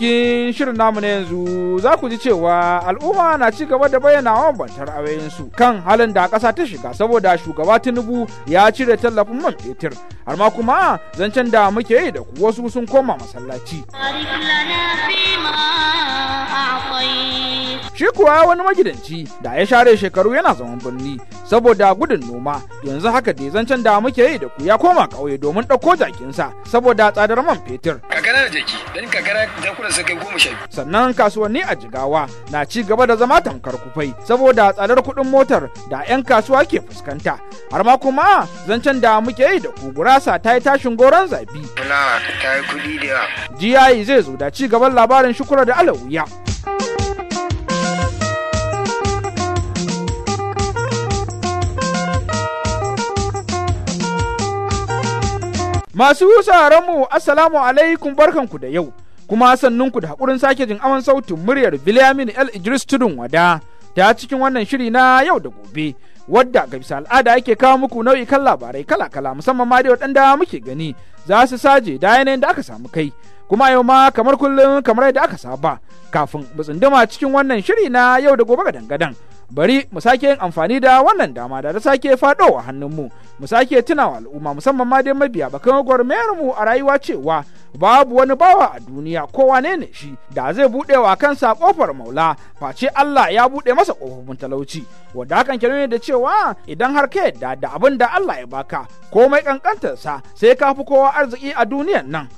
cikin shirin namu na yanzu za ku ji cewa al'umma na ci gaba da bayyana bantar su kan halin da ƙasa ta shiga saboda shugaba tinubu ya cire tallafin man fetur har ma kuma zancen da muke yi da ku wasu sun koma masallaci. Shi kuwa wani magidanci da ya share shekaru yana zaman birni saboda gudun noma yanzu haka dai zancen da muke yi da ku ya koma ƙauye domin ɗauko jakinsa saboda tsadar man fetur. Kakara da jaki don kakara kuna sai kai goma sha biyu. Sannan kasuwanni a Jigawa na ci gaba da zama tamkar kufai saboda tsadar kuɗin motar da 'yan kasuwa ke fuskanta har ma kuma zancen da muke yi da ku gurasa ta yi tashin goron zabi. Fulawa ta yi kuɗi da yawa. GI zai zo da ci gaban labarin shukura da alawiya. Masu mu Assalamu alaikum barkanku da yau, kuma sannunku da haƙurin sake jin aman sautin muryar Bilyamin El Idris Tudun Wada ta cikin wannan shiri na yau da gobe. Wadda ga bisa al'ada ake kawo muku nau'i kan labarai kala-kala musamman ma da waɗanda muke gani za su saje da yanayin da aka samu kai. Kuma yau ma kamar kullum kamar yadda aka saba kafin mu tsunduma cikin wannan shiri na yau da gobe ga dangadan. bari mu sake yin amfani da wannan dama da ta sake faɗo a hannunmu mu sake tunawa al'umma musamman ma dai mabiya bakan gwarmayar mu a rayuwa cewa babu wani bawa a duniya ko wane ne shi da zai buɗe wa kansa kofar maula face Allah ya buɗe masa ƙofofin talauci wanda hakan ke nuna da cewa idan har ka yadda da abin da Allah ya baka komai kankantarsa sai ka fi kowa arziki a duniyan nan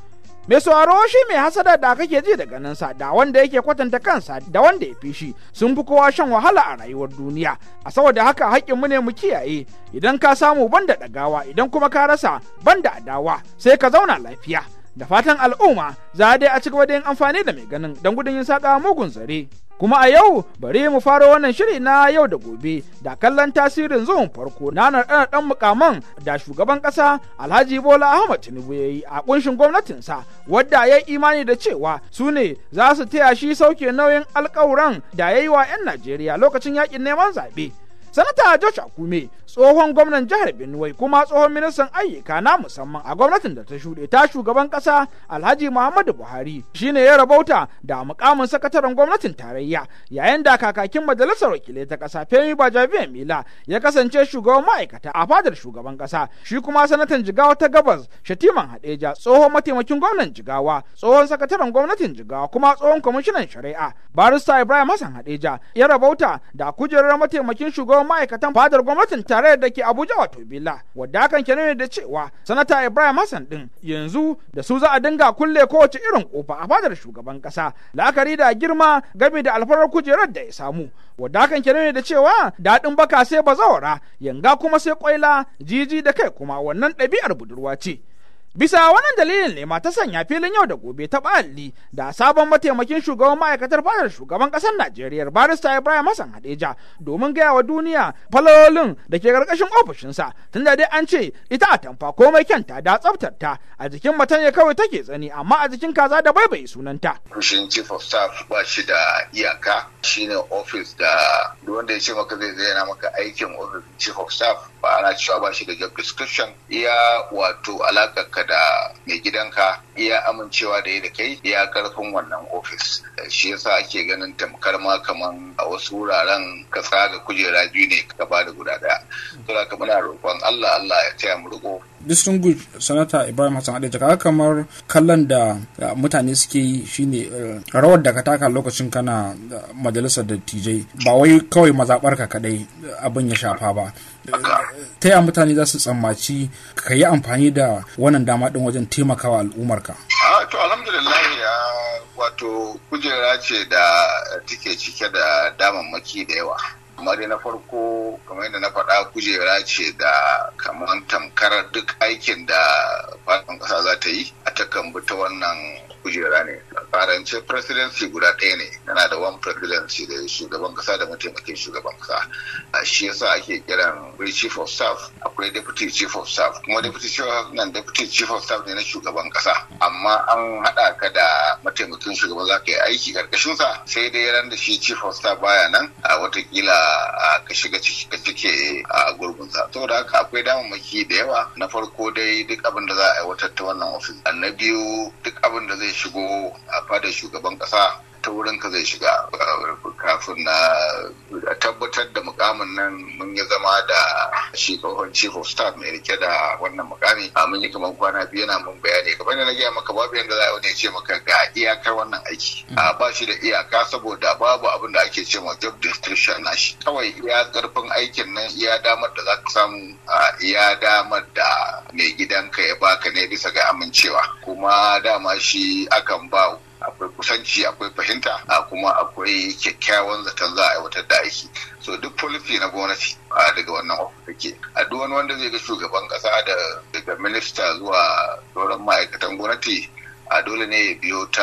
mai sauraro shi mai hasada da kake ji da sa da wanda yake kwatanta kansa da wanda ya fi shi sun fi kowa shan wahala a rayuwar duniya a saboda haka haƙƙinmu mu ne mu kiyaye idan ka samu banda ɗagawa idan kuma ka rasa banda adawa sai ka zauna lafiya da fatan al'umma za a dai a ci gaba da yin amfani da mai ganin don gudun yin saƙa mugun zare. Kuma a yau bari mu fara wannan shiri na yau da gobe da kallon tasirin zuwan farko na naɗa eh, ɗan mukaman da shugaban ƙasa Alhaji Bola Ahmad Tinubu ya yi a kunshin gwamnatinsa wadda ya yi imani da cewa su ne za su taya shi sauke nauyin alkawuran da ya yi wa 'yan Najeriya lokacin yakin neman zaɓe. sanata josh akume tsohon gwamnan jihar benue kuma tsohon ministan ayyuka na musamman a gwamnatin da ta shuɗe ta shugaban ƙasa alhaji muhammadu buhari shi ne ya rabauta da mukamin sakataren gwamnatin tarayya yayin da kakakin majalisar wakilai ta ƙasa femi bajabiya mila ya kasance shugaban ma'aikata a fadar shugaban ƙasa shi kuma sanatan jigawa ta gabas shatiman hadeja tsohon mataimakin gwamnan jigawa tsohon sakataren gwamnatin jigawa kuma tsohon kwamishinan shari'a barista ibrahim hassan hadeja ya rabauta da kujerar mataimakin shugaban sauran ma'aikatan fadar gwamnatin tare da ke Abuja wato Bila wadda hakan ke nuna da cewa sanata Ibrahim Hassan din yanzu da su za a dinga kulle kowace irin kofa a fadar shugaban kasa la'akari da girma game da alfarar kujerar da ya samu wadda hakan ke nuna da cewa daɗin baka sai bazawara yanga kuma sai kwaila jiji da kai kuma wannan ɗabi'ar budurwa ce Bisa wannan dalilin ne mata sanya filin yau da gobe ta ɓalli da sabon mataimakin shugaban ma'aikatar fadar shugaban ƙasar Najeriya barista Ibrahim Hassan Hadeja domin gaya wa duniya falolin da ke karkashin ofishinsa tunda dai an ce ita a tamfa komai kyanta da tsaftar ta, a jikin matan ya kawai take tsani amma a jikin kaza da bai bai sunanta. Rushin chief of staff ba shi da iyaka shine office da duk wanda ya ce maka zai zayyana maka aikin office chief of staff ba ana cewa ba shi da job description iya wato alakar tsakaninka da mai gidanka iya amincewa da da kai iya karfin wannan ofis shi yasa ake ganin tamkar ma kaman a wasu wuraren ka tsaga kujera biyu ne ka ba da guda daya da ka muna roƙon Allah Allah ya taya mu rugo distinguished sanata Ibrahim Hassan Adeja kaga kamar kallon da mutane suke yi shine eh, rawar da ka taka lokacin kana eh, majalisar dattijai ba wai kawai mazaɓarka kadai eh, abin ya shafa ba ta yi mutane za su tsammaci ka yi amfani da wannan dama din wajen taimakawa al'ummarka to alhamdulillah wato kujera ce da take cike da damammaki da yawa amma na farko kamar yadda na faɗa kujera ce da kamar tamkar duk aikin da faɗin ƙasa za ta yi a takan bi ta wannan kujera ne farance presidency guda ɗaya ne yana da one presidency da shugaban kasa da mataimakin shugaban kasa a shi yasa ake kiran chief of staff akwai deputy chief of staff kuma deputy chief of staff nan deputy chief of staff ne na shugaban kasa amma an haɗa ka da mataimakin shugaban za ka yi aiki karkashin sa sai dai ran da shi chief of staff baya nan a watakila ka shiga cike a To saboda haka akwai damammaki da yawa na farko dai duk abin da za a wata ta wannan ofis na biyu duk abin da zai shigo a fadar shugaban ƙasa ta wurin ka zai shiga kafin na tabbatar da mukamin nan mun yi zama da shi tsohon chief of staff mai rike da wannan mukami a mun yi kamar kwana biyu yana mun bayani kamar da na gaya maka babu yadda za a wani ce maka ga iyakar wannan aiki mm. a ba shi da iyaka saboda babu abin da ake ce ma job description na shi kawai iya karfin aikin nan iya damar da za ka samu iya damar da mai gidanka ya baka ne bisa ga amincewa kuma dama shi akan ba akwai kusanci akwai fahimta a kuma akwai kyakkyawan zaton za a aiwatar da aiki so duk policy na gwamnati a daga wannan take a duk wani wanda zai ga shugaban kasa da daga minista zuwa sauran ma'aikatan gwamnati a dole ne ya biyo ta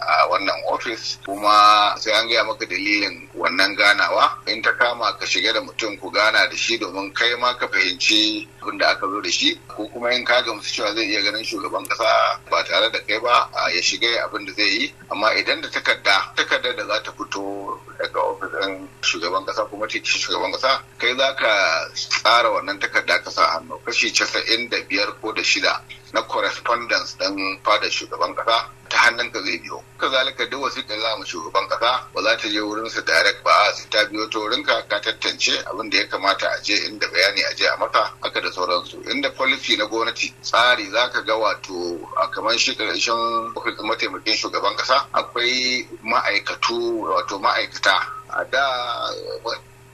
a wannan ofis kuma sai an gaya maka dalilin wannan ganawa in ta kama ka shiga da mutum ku gana da shi domin kai ma ka fahimci abin da aka zo da shi ko kuma in ka gamsu cewa zai iya ganin shugaban kasa ba tare da kai ba ya shiga abin da zai yi amma idan da takarda takarda da za ta fito daga ofisin shugaban kasa kuma titi shugaban kasa kai za ka tsara wannan takarda ka sa hannu kashi casa'in da biyar ko da shida na correspondence ɗin fadar shugaban kasa ta hannun ka zai biyo kazalika duk wasiƙa za mu shugaban kasa ba za ta je wurin su direct ba a sai ta biyo ta wurin ka ka tantance abin da ya kamata a je inda bayani a je a maka haka da sauransu inda policy na gwamnati tsari za ka ga wato a kamar shi ƙarshen mataimakin shugaban kasa akwai ma'aikatu wato ma'aikata a da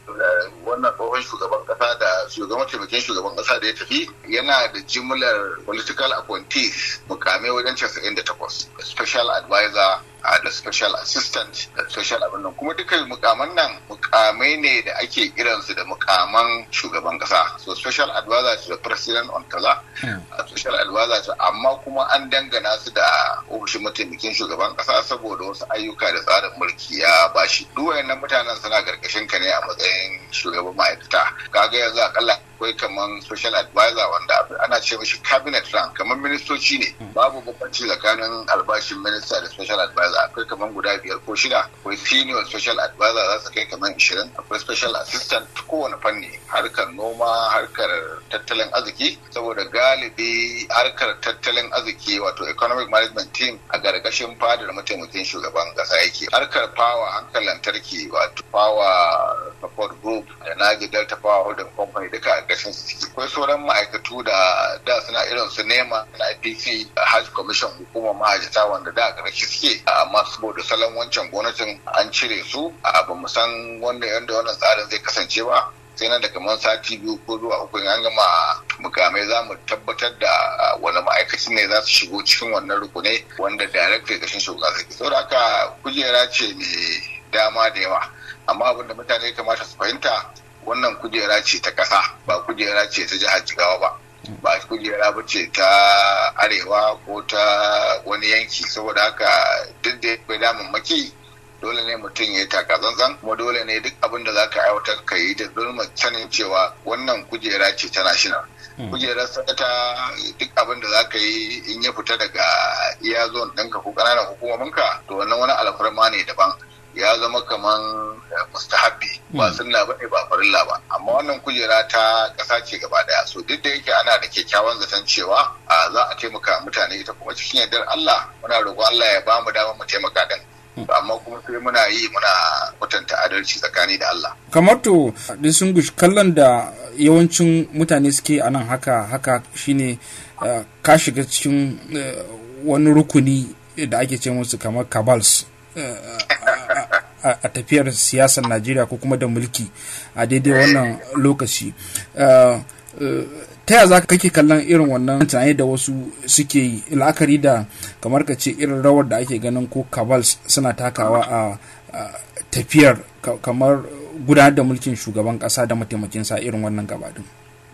Eh, wannan tsohon shugaban kasa da shugaban taimakin shugaban kasa da ya tafi yana da jimlar political appointees mukamai wajen 98 special advisor da special assistant da special abin nan kuma dukkan mukaman nan mukamai ne da ake kiransu da mukaman shugaban kasa so special advisor to the president on kaza hmm. special advisor to amma kuma an dangana su da ofishin mataimakin shugaban kasa saboda wasu ayyuka da tsarin mulki ya bashi duwayen nan mutanen suna karkashin ka ne a matsayin shugaban ma'aikata kaga yanzu akalla akwai kamar social advisor wanda ana ce mashi cabinet rank kamar ministoci ne hmm. babu bambanci tsakanin albashin minista da social advisor akwai kaman guda biyar ko shida akwai senior social advisor za su kai kaman ishirin akwai special assistant kowane fanni harkar noma harkar tattalin arziki saboda galibi harkar tattalin arziki wato economic management team a gargashin fadar mataimakin shugaban kasa yake harkar power hankali lantarki wato power support group da nagi delta power holding company duka karkashin su akwai sauran ma'aikatu da da suna irin su nema na IPC Hajj Commission hukumar mahajjata wanda da karkashi suke amma saboda salon wancan gwamnatin an cire su a mu san wanda yanda wannan tsarin zai kasance ba sai nan da kamar sati biyu ko zuwa uku an gama mukamai za mu tabbatar da wani ma'aikaci ne za su shigo cikin wannan rukunai wanda ya kashin shugaban sarki saboda haka kujera ce mai dama da yawa amma abinda da mutane kamata su fahimta wannan kujera ce ta ƙasa ba kujera ce ta jihar jigawa ba ba kujera ba ce ta arewa ko ta wani yanki saboda haka duk da ya damun maki dole ne mutum ya taka tsantsan kuma dole ne duk abin da ka aiwatar ka yi da zulma canin cewa wannan kujera ce ta national hmm. kujerar sakata duk abin da ka yi in ya fita daga iya zon ɗinka ko ƙananan hukumominka to wannan wani alfarma ne daban ya zama kaman mustahabbi ba hmm. sunna ba ne ba farilla ba amma wannan kujera ta kasa ce gaba daya so duk da yake ana da kyakkyawan zaton cewa za a taimaka mutane ita kuma cikin yardar Allah muna roƙo Allah ya bamu dama mu taimaka din hmm. amma kuma sai muna yi muna kwatanta adalci tsakani da Allah. Kamar to gushi kallon da yawancin mutane suke a nan haka haka shine ka shiga cikin eh, wani rukuni da ake ce musu kamar kabals eh, a tafiyar siyasar najeriya ko kuma da mulki a daidai wannan lokaci uh, uh, ta yaya za kake kallon irin wannan tunani da wasu suke yi la'akari da kamar ka ce irin rawar da ake ganin ko kabals suna takawa a tafiyar kamar gudanar da mulkin shugaban kasa da mataimakin sa irin wannan gabadin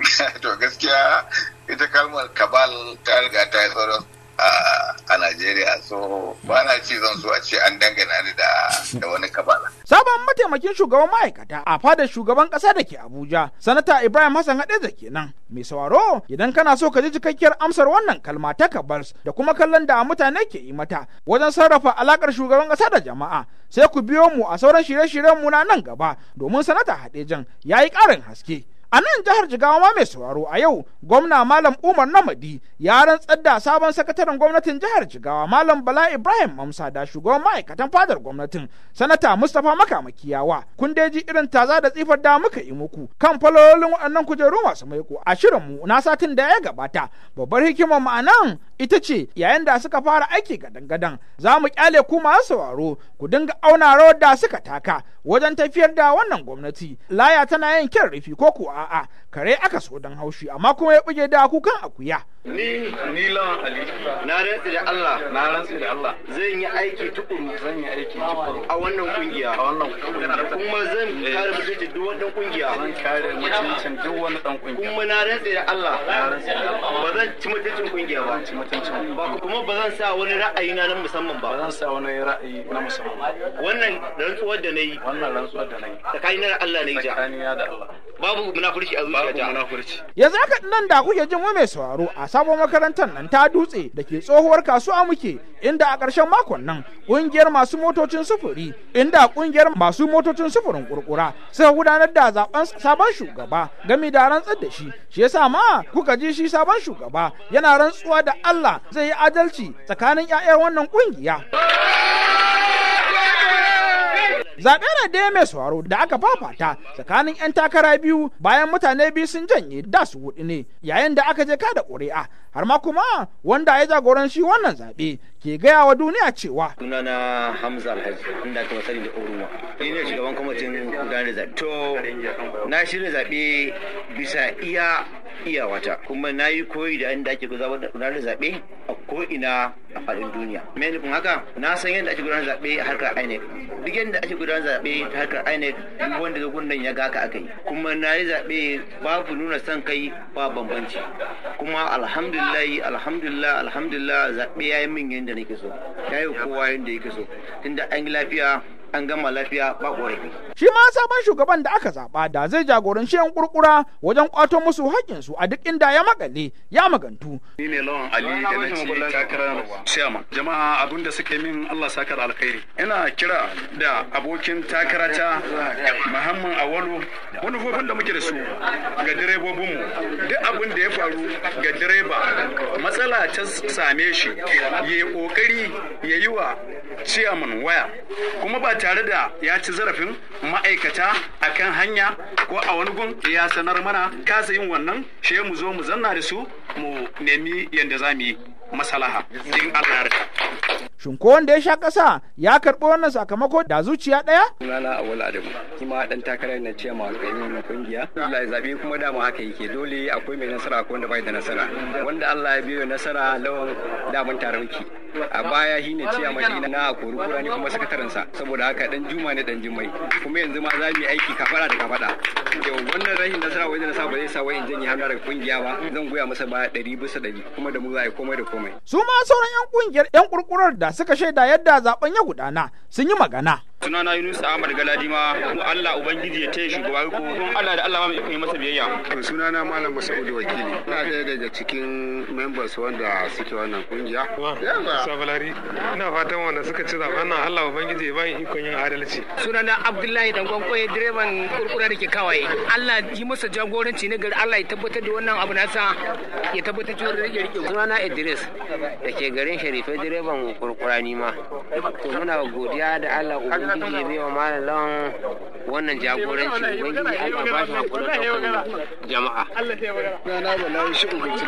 to gaskiya ita kalmar kabal ta riga ta yi tsoron a Najeriya so ba na ce zan ce an dangana ni da wani kabala. Sabon mataimakin shugaban ma'aikata a fadar shugaban ƙasa da ke Abuja, Sanata Ibrahim Hassan ke kenan. Mai sauraro idan kana so ka ji cikakkiyar amsar wannan kalma ta kabals da kuma kallon da mutane ke yi mata wajen sarrafa alakar shugaban ƙasa da jama'a sai ku biyo mu a sauran shirye-shiryen mu na nan gaba domin Sanata Hadejan ya yi ƙarin haske. A nan jihar Jigawa ma mai sauraro a yau gwamna Malam Umar Namadi ya rantsar da sabon sakataren gwamnatin jihar Jigawa Malam Bala Ibrahim Mamsa da shugaban ma'aikatan fadar gwamnatin Sanata Mustapha Makamakiyawa kun dai ji irin taza da tsifar da muka yi muku kan falololin waɗannan kujeru masu maiko a shirin mu na satin da ya gabata babbar hikimar ma'anan ita ce yayin da suka fara aiki gadan-gadan za mu kyale ku masu sauraro ku dinga auna rawar da suka taka wajen tafiyar da wannan gwamnati laya tana yin kyan rufi ko kuwa ah, kare aka so don haushi amma kuma ya buge da kukan akuya. Ni ni lawan Ali na rantsi da Allah na rantsi da Allah zan yi aiki tukuru zan yi aiki tukuru a wannan kungiya a wannan kungiya kuma zan kare mutunci duk wannan kungiya zan kare mutuncin duk wani dan kungiya kuma na rantsi da Allah na da Allah ba zan ci mutuncin kungiya ba ci mutuncin ba kuma ba zan sa wani ra'ayi na nan musamman ba ba zan sa wani ra'ayi na musamman wannan rantsuwar da nayi wannan rantsuwar da nayi tsakanin Allah ne ja tsakanin da Allah babu munafurci a zuciya yanzu haka nan da kuke jin mai sauraro a sabon makarantar nan ta dutse da ke tsohuwar kasuwa muke inda a ƙarshen makon nan ƙungiyar masu motocin sufuri inda ƙungiyar masu motocin sufurin kurkura suka gudanar da zaben sabon shugaba gami da rantsar da shi shi yasa ma kuka ji shi sabon shugaba yana rantsuwa da Allah zai yi adalci tsakanin 'ya'yan wannan ƙungiya. zaɓe na dai mai sauraro da aka fafata tsakanin 'yan takara biyu bayan mutane biyu sun janye da su hudu ne yayin da aka je da ƙuri'a har ma kuma wanda ya jagoranci wannan zaɓe ke gaya wa duniya cewa sunana hamza alhaji inda sani da oruwa ni ne shugaban kwamitin gudanar da zaɓe to na shirya zaɓe bisa iya iyawata kuma na yi koyi da inda ake gudanar da zaɓe a ko'ina a faɗin duniya. Me nufin haka na san yadda ake gudanar da zaɓe a harkar INEC. Duk yadda ake gudanar da zaɓe a harkar INEC duk wanda ga gundan ya gaka aka yi. Kuma na yi zaɓe babu nuna son kai ba bambanci. Kuma alhamdulillah alhamdulillah alhamdulillah zaɓe ya yi min yadda nake so. Ya yi kowa yadda yake so. Tunda an yi lafiya an gama lafiya ba ƙorafi. Shi ma sabon shugaban da aka zaɓa da zai jagoranci yan kurkura wajen kwato musu haƙƙinsu a duk inda ya makale ya magantu. Ni ne lawan Ali da na ci takarar Siyama. Jama'a abin da suka min Allah sakar alkhairi. Ina kira da abokin takarata Muhammad Awalu manufofin da muke da su ga direbobinmu duk abin da ya faru ga direba matsala ta same shi ya yi ƙoƙari ya yi wa ciyaman waya kuma ba tare da ya ci zarafin ma'aikata a kan hanya ko a wani gun ya sanar mana kasa yin wannan shi mu zo mu zanna da su mu nemi yadda za mu yi masalaha in Allah shin ko wanda ya sha ƙasa ya karɓi wannan sakamako da zuciya ɗaya? sunana Awul adamu kima dan takarar na ce ma alƙaimin na kungiya Allah ya zabe kuma dama haka yake dole akwai mai nasara ko wanda bai da nasara wanda Allah ya biyo nasara lawan daman tarauki. a baya shine ciya mai na kori kura ne kuma sakatarensa saboda haka dan juma ne dan jimmai kuma yanzu ma za mu yi aiki kafara da kafada yau wannan rashin nasara wai da sa ba zai sa wai in janye hannu daga kungiya ba zan goya masa baya ɗari bisa ɗari kuma da mu za a yi komai da komai su ma sauran 'yan kungiyar 'yan kurkurar da suka shaida yadda zaben ya gudana sun yi magana sunana Yunus Ahmad Galadima Allah ubangiji ya taya shugaba ko don Allah da Allah ma mu yi masa biyayya sunana Malam Masaudu Wakili na daya daga cikin members wanda suke wannan kungiya yawa sabalari ina fatan wanda suka ci zaben nan Allah ubangiji ya bani ikon yin adalci sunana Abdullahi dan Koye direban kurkura da ke kawai Allah yi masa jagoranci na gari Allah ya tabbatar da wannan abu nasa ya tabbatar da rike rike sunana Idris da ke garin sharife direban kurkura ma to muna godiya da Allah ubangiji ubangiji ya biya malam wannan jagoranci ubangiji Allah ba shi hakuri da jama'a na na bala shi ubangiji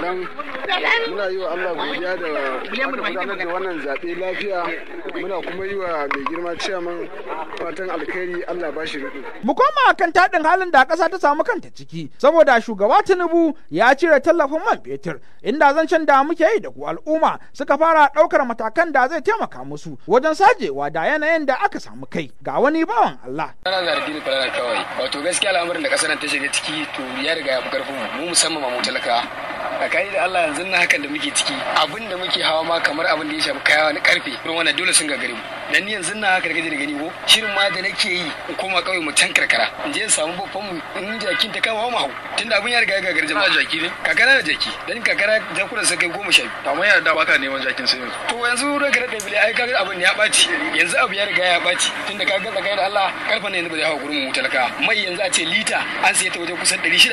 muna yi wa Allah godiya da gudanar da wannan zaɓe lafiya muna kuma yi wa mai girma ciyaman fatan alkhairi Allah ba shi riƙo. Mu koma kan taɗin halin da ƙasa ta samu kanta ciki saboda shugaba Tinubu ya cire tallafin man fetur inda zancen da muke yi da ku al'umma suka fara ɗaukar matakan da zai taimaka musu wajen sajewa da yanayin da aka samu kai ga wani bawan Allah. da zargin kwalara kawai wato gaskiya al'amarin da kasar ta shiga ciki to ya riga ya fi karfin mu musamman mu talaka a da Allah yanzu na hakan da muke ciki abin da muke hawa ma kamar abin da ya shafi kaya wani karfe ruwan wannan dole sun gagare mu dan ni yanzu na haka da da gani ko shirin ma da nake yi in koma kauye mu can karkara in je in samu babban mu in jakin ta kama mu hau tunda abin ya riga ya gagare jama'a jaki ne kakara da jaki dan kakara jakura, sai kai goma sha biyu amma ya da baka neman jakin sai yanzu to yanzu ranka da bile ai kaga abin ya baci yanzu abu ya riga ya baci tunda kaga tsakanin da Allah karfa ne yanzu ba zai hawo gurin mu talaka mai yanzu a ce lita an sai ta waje kusan 600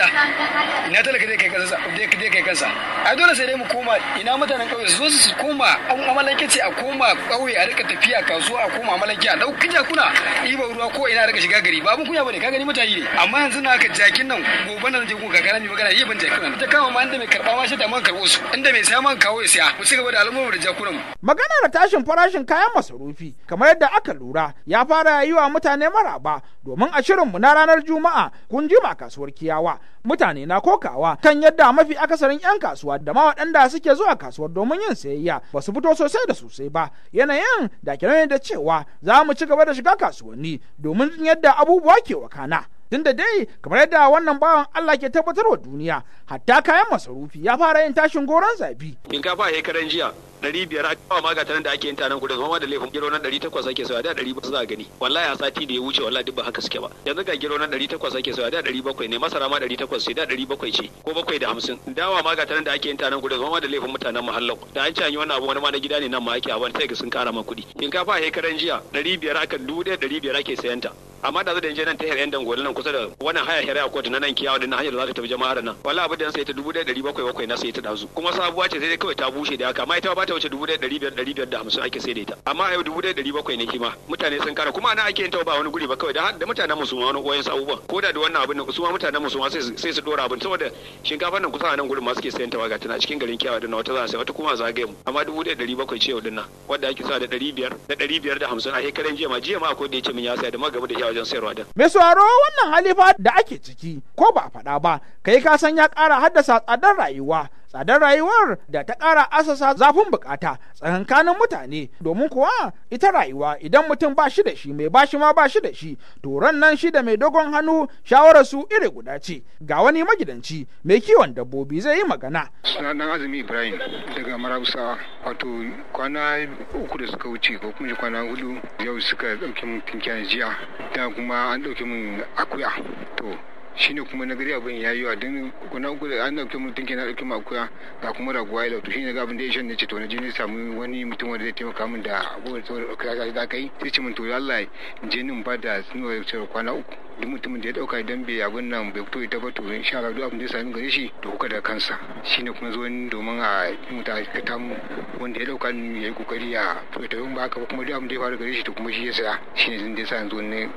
ina talaka dai kai kasa kai kansa ai dole sai dai mu koma ina mutanen kauye su zo su koma an amalanke ce a koma kauye a rika tafiya kasuwa a koma amalanke a dauki kija kuna iba ruwa ko ina rika shiga gari ba abun kunya bane ka gani mutane ne amma yanzu na ka jakin nan gobe nan je kuka kana mi magana yi ban jakin nan ta kama ma inda mai karba ma shi da man karbo su inda mai sai man kawo sai mu ci gaba da al'amuran da jakunan mu maganar tashin farashin kayan masarufi kamar yadda aka lura ya fara yi wa mutane maraba domin a shirinmu na ranar juma'a kun jima kasuwar kiyawa mutane na kokawa kan yadda mafi akasarin 'yan kasuwa da ma waɗanda suke zuwa kasuwar domin yin sayayya ba su fito sosai da sosai ba yanayin da ke da cewa za mu ci gaba da shiga kasuwanni domin yadda abubuwa ke wakana. tun da dai kamar yadda wannan bawan Allah ke tabbatar wa duniya hatta kayan masarufi ya fara yin tashin goron zabi. Shinkafa a jiya ɗari biyar a kawo maga ta nan da ake yin tanan kudu zama da laifin gero na ɗari takwas ake saya da ɗari bakwai za a gani wallahi a sati da ya wuce wallahi duk ba haka suke ba yanzu ga gero na ɗari takwas ake saya da ɗari bakwai ne masara ma ɗari takwas ce da ɗari bakwai ce ko bakwai da hamsin dawa maga ta nan da ake yin tanan kudu zama da laifin mutanen mahallau da an ci canyi wani abu wani ma na gida ne nan ma ake a wani sai ga sun kara ma kuɗi in shinkafa a hekaran jiya ɗari biyar aka dubu ɗaya ɗari biyar ake sayanta amma da zai danje nan ta hira yan nan kusa da wannan haya hira a kotu na nan kiyawa na hanyar da za ta tafi jama'ar nan wallahi abin da sai ta dubu ɗaya ɗari bakwai bakwai na sai ta dazu kuma sabuwa ce sai dai kawai ta bushe da haka amma ita ba ta wuce dubu ɗaya ɗari biyar ɗari biyar da hamsin ake sai da ita amma a yau dubu ɗaya ɗari bakwai ne kima mutane sun kara kuma ana ake yin ta ba wani guri ba kawai da da mutanen musulma wani wayan abubuwan ko da da wannan abin nan su ma mutanen musulma sai su dora abin saboda shinkafa nan kusa a nan gurin ma suke sayan ta tana cikin garin kiyawa da wata za a sai wata kuma gaya mu amma dubu ɗaya ɗari bakwai ce yau dinnan wadda ake sa da ɗari biyar da ɗari biyar da hamsin a shekaran jiya ma jiya ma akwai da ya ce min ya saya da gaba da iya wajen sayarwa da. mai sauraro wannan halifa da ake ciki ko ba a faɗa ba kai ka san ya ƙara haddasa tsadar rayuwa tsadar rayuwar da ta ƙara asasa zafin bukata tsakankanin mutane domin kuwa ita rayuwa idan mutum ba shi da shi mai ba shi ma ba shi da shi to ran nan shi da mai dogon hannu shawarar su iri guda ce ga wani magidanci mai kiwon dabbobi zai yi magana suna dan azumi ibrahim daga marabusa wato kwana uku da suka wuce ko kuma kwana hudu yau suka ɗauki mun kinkiyar jiya da kuma an ɗauki mun akuya to shine kuma na gari abin yayi wa dan kuna uku da an dauke mutum kenan dauke mu akuya ga kuma raguwa ya lauto shine ga abin da ya ne ce to na je samu wani mutum wanda zai taimaka min da abubuwan tsawon dauka da kai sai ce min to Allah jinin ba da wa ya kwana uku duk mutumin da ya dauka idan bai abin nan bai fito ita ba to in sha Allah duk abin da ya sami gare shi to kuka da kansa shine kuma zo domin a muta ka tamu wanda ya dauka ya yi kokari a fito ta ba haka ba kuma duk abin da ya faru gare shi to kuma shi ya saya shine zan da ya sa yanzu ne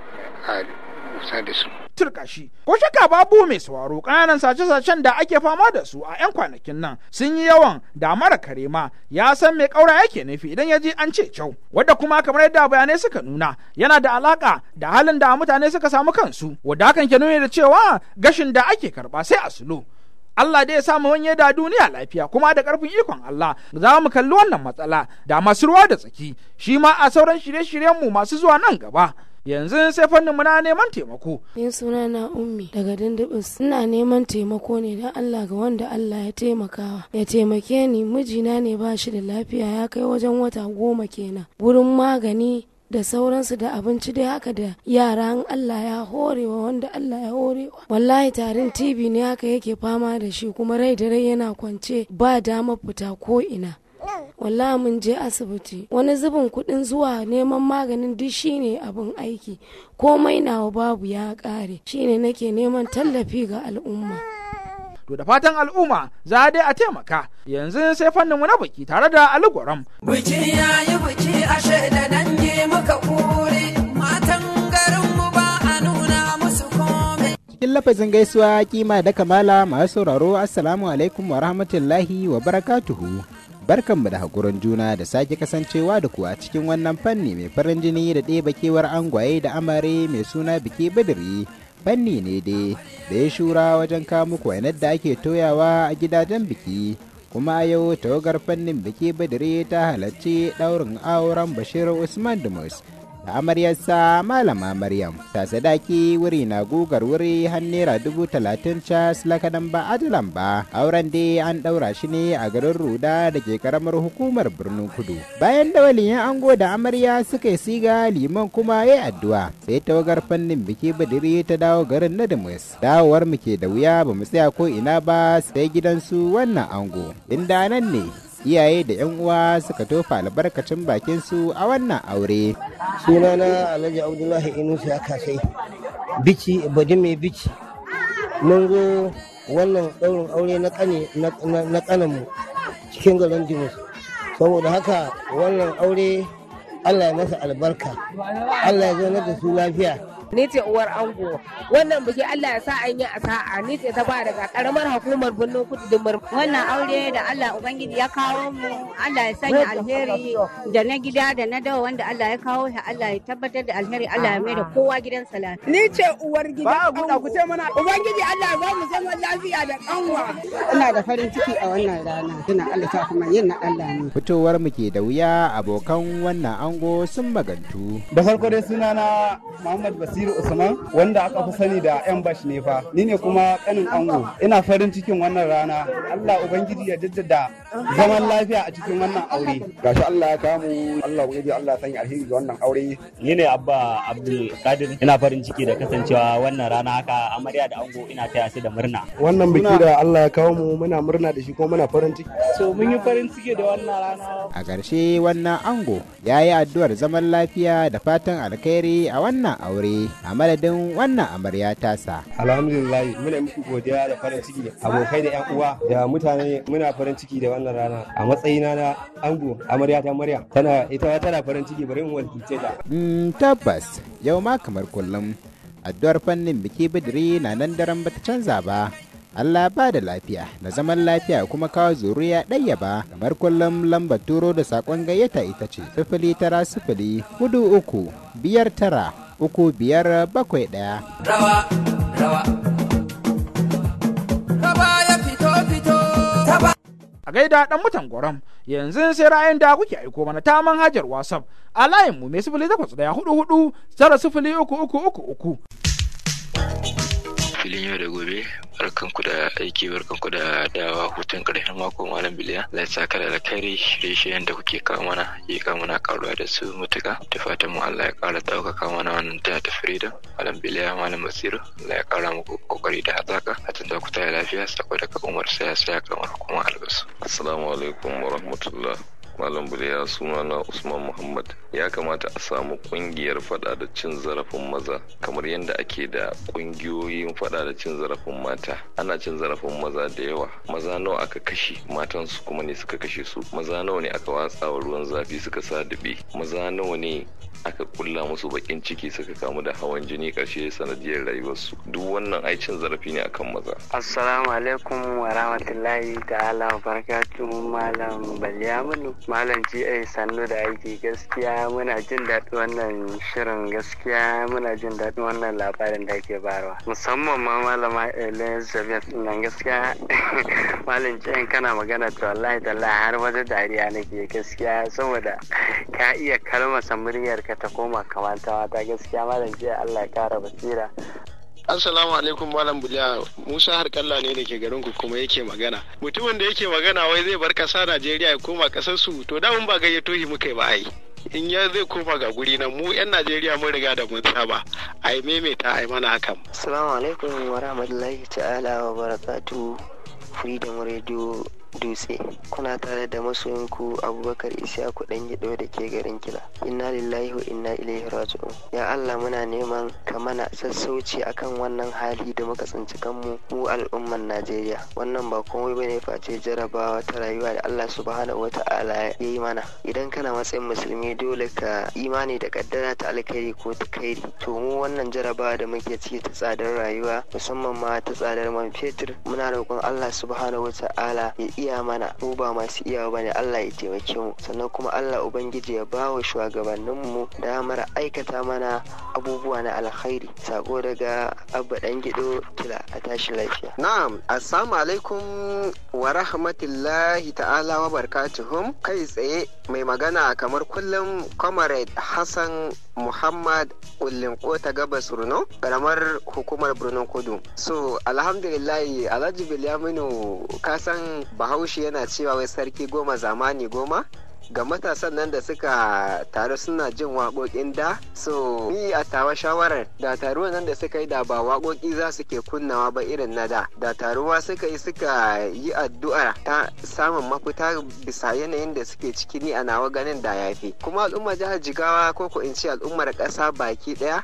a kusa da su turka shi ko shaka babu mai sauraro ƙananan sace-sacen da ake fama da su a 'yan kwanakin nan sun yi yawan da mara kare ya san mai ƙaura yake nufi idan ya ji an ce kyau wadda kuma kamar yadda bayanai suka nuna yana da alaka da halin da mutane suka samu kansu wadda hakan ke nuni da cewa gashin da ake karɓa sai a sulo Allah dai ya samu wanye da duniya lafiya kuma da karfin ikon Allah za mu kalli wannan matsala da masu ruwa da tsaki shi ma a sauran shirye-shiryenmu masu zuwa nan gaba. yanzu sai fannin muna neman taimako. Ni suna na ummi daga dandabis ina neman taimako ne don Allah ga wanda Allah ya taimakawa ya taimake ni mijina ne ba shi da lafiya ya kai wajen wata goma kenan wurin magani da sauransu da abinci dai haka da yara an Allah ya horewa wanda Allah ya horewa wallahi tarin TV ne haka yake fama da shi kuma rai da rai yana kwance ba damar fita ko ina wallahi mun je asibiti wani zubin kuɗin zuwa neman maganin duk shine abin aiki komai nawa babu ya ƙare shine nake neman tallafi ga al'umma to da fatan al'umma za dai a taimaka yanzu sai fannin wani baki tare da alugwaram. Biki ya yi biki a shaida dangi muka kure, matan garinmu ba a nuna musu kome. Cikin lafazin gaisuwa kima da kamala masu sauraro assalamu alaikum wa rahmatullahi wa barakatuhu. barkanmu da haƙurin juna da sake kasancewa da kuwa cikin wannan fanni mai farin jini da ɗeba kewar angwaye da amare mai suna biki bidiri fanni ne dai da ya shura wajen kamu kwanar da ake toyawa a gidajen biki kuma a yau tawagar fannin biki bidiri ta halarci ɗaurin auren bashir usman dumus da sa malama maryam ta sadaki wuri na gugar wuri har naira dubu talatin cas nan ba ajalan ba auren dai an ɗaura shi ne a garin ruda da ke karamar hukumar birnin kudu bayan dawalin ya ango da amarya suka yi siga liman kuma ya addu'a sai tawagar fannin biki badiri ta dawo garin nadimus dawowar mu ke da wuya ba mu tsaya ko ina ba sai gidansu wannan ango inda nan ne iyaye da 'yan uwa suka tofa albarkacin bakin su a wannan aure. sunana alhaji abdullahi inusu ya kasai bici badi mai bici mun zo wannan ɗaurin aure na kane na kananmu cikin garin jimus saboda haka wannan aure allah ya masa albarka allah ya zaunar da su lafiya ni ce uwar ango wannan biki Allah ya sa an yi asa'a ni ce ta ba daga karamar hukumar birnin kudu dumar wannan aure da Allah ubangiji ya kawo mu Allah ya sanya alheri da na gida da na dawa wanda Allah ya kawo shi Allah ya tabbatar da alheri Allah ya mai da kowa gidan salat ni ce uwar gida Allah ku ce mana ubangiji Allah ya ba mu zaman lafiya da kanwa ina da farin ciki a wannan rana Ina Allah ta kuma yin na Allah ne fitowar mu ke da wuya abokan wannan ango sun magantu da farko dai sunana Muhammad Basir Nasiru Usman wanda aka fi sani da yan bash ne fa ni ne kuma kanin ango ina farin cikin wannan rana Allah ubangiji ya jaddada zaman lafiya a cikin wannan aure gashi Allah ya kamu Allah ubangiji Allah sanya alheri ga wannan aure ni ne abba abdul kadir ina farin ciki da kasancewa wannan rana haka amarya da ango ina taya su da murna wannan biki da Allah ya kawo mu muna murna da shi kuma muna farin ciki so mun yi farin ciki da wannan rana a ƙarshe wannan ango ya yi addu'ar zaman lafiya da fatan alkhairi a wannan aure a madadin wannan amarya sa alhamdulillah muna muku godiya da farin ciki abokai da yan uwa da mutane muna farin ciki da wannan wannan rana a matsayina na ango amarya ta Maryam tana ita tana farin ciki bari in walkice ta mm, tabbas yau ma kamar kullum addu'ar fannin biki bidiri na nan daren bata canza ba Allah ba da lafiya na zaman lafiya kuma kawo zuriya ɗaya ba kamar kullum lambar turo da saƙon gayyata ita ce sifili tara sifili hudu uku biyar tara uku biyar bakwai ɗaya. Rawa, rawa. gaida dan mutan gwaram yanzu sai ra'ayin da kuke aiko mana ta manhajar whatsapp a layin mu mai sifili takwas daya hudu hudu tara filin yau da gobe barkan ku da aiki barkan da dawa hutun karshen mako malam biliya lai saka da alkhairi shirye da kuke kawo mana ya kawo mana karuwa da su mutuka da fatan mu Allah ya kara daukaka mana wannan ta ta freedom malam biliya malam basiru Allah ya kara muku kokari da hazaka a tun da ku ta lafiya sako daga umar sai ya kamar kuma albasu assalamu alaikum wa rahmatullah malam buliya suna na usman muhammad ya kamata a samu kungiyar fada da cin zarafin maza kamar yadda ake da kungiyoyin fada da cin zarafin mata ana cin zarafin maza da yawa maza nawa aka kashe matansu kuma ne suka kashe su maza nawa ne aka watsa wa ruwan zafi suka sa dube maza nawa ne aka kulla musu bakin ciki suka kamu da hawan jini karshe sanadiyar rayuwarsu duk wannan ai cin zarafi ne akan maza assalamu alaikum wa rahmatullahi ta'ala wa barakatuhu malam balyamunu malam ji ai sannu da aiki gaskiya muna jin daɗin wannan shirin gaskiya muna jin daɗin wannan labarin da ake barwa musamman ma malama elizabeth nan gaskiya malam ji kana magana to wallahi da har wata dariya nake gaskiya saboda ka iya kalmasa muryar ka haka ta koma kamar ta gaskiya malam jiya Allah ya kara basira Assalamu alaikum Malam Buliya Musa Harkalla ne da ke garin ku kuma yake magana. Mutumin da yake magana wai zai bar kasa Najeriya ya koma kasar su to da mun ba gayyato yi muka ba ai. In ya zai koma ga guri na mu 'yan Najeriya mun riga da mun saba. Ai maimaita ai mana hakan. Assalamu alaikum wa rahmatullahi ta'ala wa barakatuh Freedom Radio dutse kuna tare da masoyinku abubakar ku dan gido da ke garin kila inna lillahi wa inna ilaihi raji'un ya allah muna neman ka mana sassauci akan wannan hali da muka tsinci kanmu mu al'ummar najeriya wannan ba komai bane face jarabawa ta rayuwa da allah subhanahu wa ta'ala ya yi mana idan kana matsayin musulmi dole ka imani da kaddara ta alkhairi ko ta kairi to mu wannan jarabawa da muke ci ta tsadar rayuwa musamman ma ta tsadar man fetur muna roƙon allah subhanahu wa ta'ala ya iya mana mu ba masu iyawa bane Allah ya taimake mu sannan kuma Allah ubangiji ya ba wa shugabannin mu damar aikata mana abubuwa na alkhairi sako daga abba dan gido kila a tashi lafiya na'am assalamu alaikum wa rahmatullahi ta'ala wa barakatuhum kai tsaye mai magana kamar kullum comrade Hassan Muhammad Ullinko ta Gabas Runo, karamar hukumar Birnin Kudu. So, alhamdulillahi Alhaji Bilyaminu kasan Bahaushe yana cewa wai sarki goma zamani goma? ga matasan nan da suka taru suna jin waƙoƙin da so ni a tawa shawarar da taruwa nan da suka yi da ba waƙoƙi za su ke kunnawa ba irin na da da taruwa suka yi suka yi addu'a ta samun mafita bisa yanayin da suke ciki ni a nawa ganin da ya fi. kuma al'ummar jihar jigawa ko ko in ce al'ummar ƙasa baki ɗaya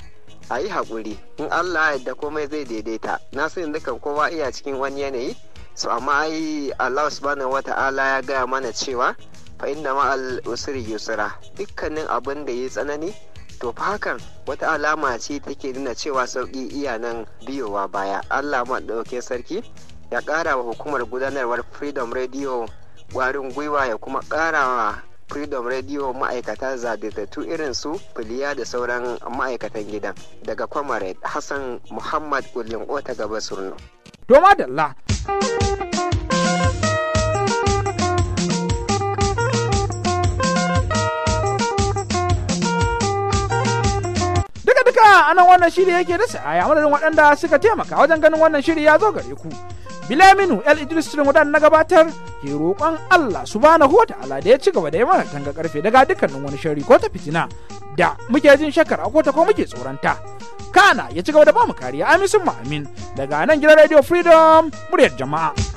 a yi haƙuri in allah da komai zai daidaita na so yanzu kan kowa iya cikin wani yanayi so amma ai allah subhanahu ta'ala ya gaya mana cewa fa inna ma'al usri yusra dukkanin abin da ya tsanani to fa hakan wata alama ce take nuna cewa sauki iya nan biyowa baya Allah maɗaukin sarki ya ƙara wa hukumar gudanarwar freedom radio ƙwarin gwiwa ya kuma ƙara wa freedom radio ma'aikata zadirtattu irin su filiya da sauran ma'aikatan gidan daga kwamare hassan muhammad kullum ota gaba surno. Doma allah. anan wannan shiri yake da a madadin waɗanda suka taimaka wajen ganin wannan shiri ya zo gare ku bilaminu el idris shirin wadan na gabatar ke roƙon allah su hota ala da ya ci gaba da ya mana tanga karfe daga dukkanin wani shari ko ta fitina da muke jin shakar ko ta ko muke tsoronta kana ya ci gaba da bamu kariya amisun mu amin daga nan gidan radio freedom muryar jama'a